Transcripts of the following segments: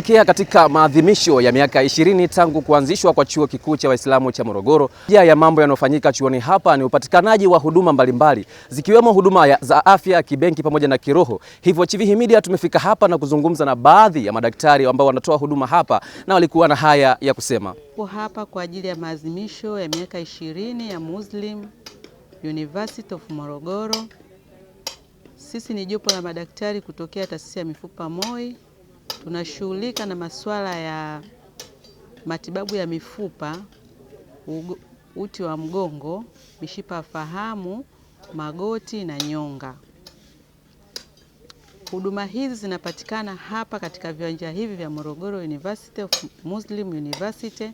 Elekea katika maadhimisho ya miaka ishirini tangu kuanzishwa kwa chuo kikuu cha Waislamu cha Morogoro. Moja ya mambo yanayofanyika chuoni hapa ni upatikanaji wa huduma mbalimbali zikiwemo huduma za afya, kibenki pamoja na kiroho. Hivyo Chivihi Media tumefika hapa na kuzungumza na baadhi ya madaktari ambao wanatoa huduma hapa na walikuwa na haya ya kusema. Tupo hapa kwa ajili ya maadhimisho ya miaka ishirini ya Muslim University of Morogoro. Sisi ni jopo la madaktari kutokea taasisi ya mifupa MOI tunashughulika na masuala ya matibabu ya mifupa, uti wa mgongo, mishipa ya fahamu, magoti na nyonga. Huduma hizi zinapatikana hapa katika viwanja hivi vya Morogoro University of Muslim University.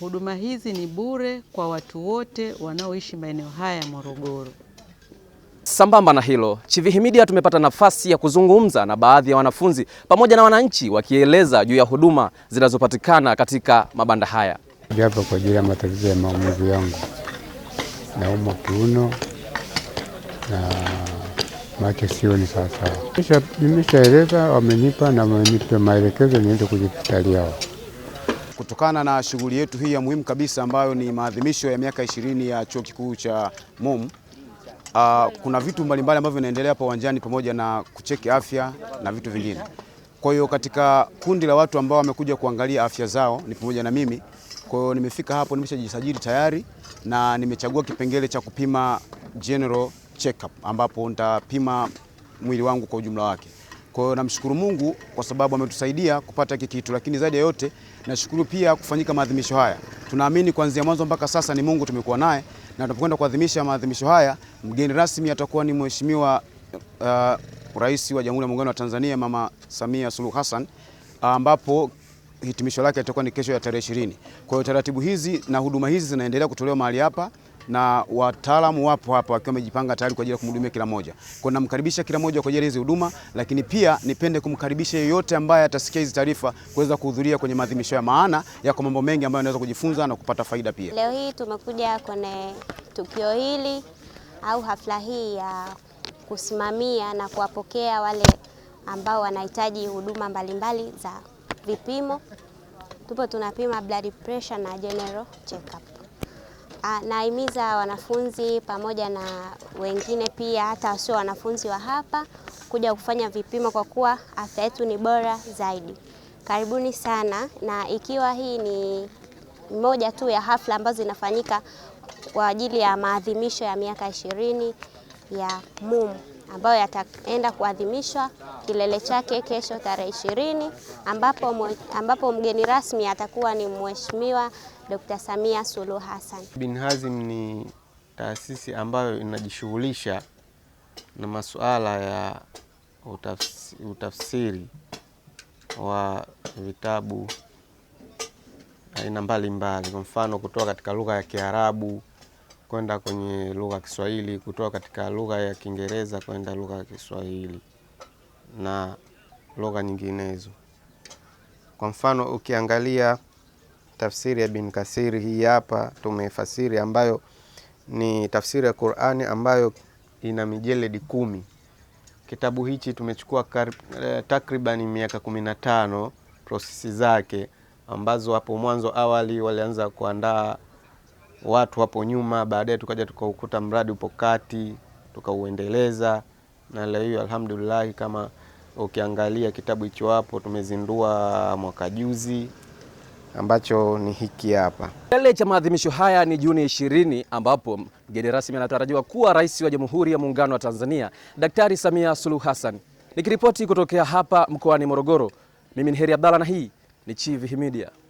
Huduma hizi ni bure kwa watu wote wanaoishi maeneo haya ya Morogoro. Sambamba na hilo, Chivihi Media tumepata nafasi ya kuzungumza na baadhi ya wanafunzi pamoja na wananchi wakieleza juu ya huduma zinazopatikana katika mabanda haya. Hapa kwa ajili ya matatizo ya maumivu yangu, naumwa kiuno na macho sioni sawasawa. Nimeshaeleza, wamenipa na wamenipa maelekezo niende kwenye hospitali yao kutokana na shughuli yetu hii ya muhimu kabisa ambayo ni maadhimisho ya miaka ishirini ya chuo kikuu cha MUM uh, kuna vitu mbalimbali ambavyo vinaendelea hapa uwanjani pamoja na kucheki afya na vitu vingine. Kwa hiyo katika kundi la watu ambao wamekuja kuangalia afya zao ni pamoja na mimi. Kwa hiyo nimefika hapo, nimeshajisajili tayari na nimechagua kipengele cha kupima general checkup, ambapo nitapima mwili wangu kwa ujumla wake. Kwa hiyo namshukuru Mungu kwa sababu ametusaidia kupata hiki kitu, lakini zaidi ya yote nashukuru pia kufanyika maadhimisho haya. Tunaamini kuanzia mwanzo mpaka sasa ni Mungu tumekuwa naye, na tunapokwenda kuadhimisha maadhimisho haya, mgeni rasmi atakuwa ni Mheshimiwa uh, Rais wa Jamhuri ya Muungano wa Tanzania Mama Samia Suluhu Hassan ambapo hitimisho lake litakuwa ni kesho ya tarehe ishirini. Kwa hiyo taratibu hizi na huduma hizi zinaendelea kutolewa mahali hapa na wataalamu wapo hapa wakiwa wamejipanga tayari kwa ajili ya kumhudumia kila mmoja. Kwa namkaribisha kila mmoja kwa ajili ya hizi huduma, lakini pia nipende kumkaribisha yeyote ambaye atasikia hizi taarifa kuweza kuhudhuria kwenye maadhimisho ya maana yako mambo mengi ambayo anaweza kujifunza na kupata faida pia. Leo hii tumekuja kwenye tukio hili au hafla hii ya kusimamia na kuwapokea wale ambao wanahitaji huduma mbalimbali za vipimo. Tupo tunapima blood pressure na general check up. Nahimiza wanafunzi pamoja na wengine pia hata wasio wanafunzi wa hapa kuja kufanya vipimo kwa kuwa afya yetu ni bora zaidi. Karibuni sana, na ikiwa hii ni moja tu ya hafla ambazo zinafanyika kwa ajili ya maadhimisho ya miaka ishirini ya MUM ambayo yataenda kuadhimishwa kilele chake kesho tarehe ishirini ambapo, ambapo mgeni rasmi atakuwa ni Mheshimiwa Dr. Samia Suluhu Hassan. Bin Hazim ni taasisi ambayo inajishughulisha na masuala ya utafsiri, utafsiri wa vitabu aina mbalimbali, kwa mfano kutoka katika lugha ya Kiarabu kwenda kwenye lugha ya Kiswahili, kutoka katika lugha ya Kiingereza kwenda lugha ya Kiswahili na lugha nyinginezo. Kwa mfano ukiangalia tafsiri ya Ibn Kathir hii hapa tumefasiri ambayo ni tafsiri ya Qur'ani ambayo ina mijeledi kumi. Kitabu hichi tumechukua eh, takriban miaka kumi na tano prosesi zake ambazo hapo mwanzo awali walianza kuandaa watu hapo nyuma, baadaye tukaja tukaukuta mradi upo kati, tukauendeleza na leo hiyo alhamdulillah, kama ukiangalia kitabu hicho hapo tumezindua mwaka juzi ambacho ni hiki hapa. Kilele cha maadhimisho haya ni Juni 20 ambapo mgeni rasmi anatarajiwa kuwa Rais wa Jamhuri ya Muungano wa Tanzania Daktari Samia Suluhu Hassan. Nikiripoti kutokea hapa mkoani Morogoro, mimi ni Heri Abdalla na hii ni Chivihi Media.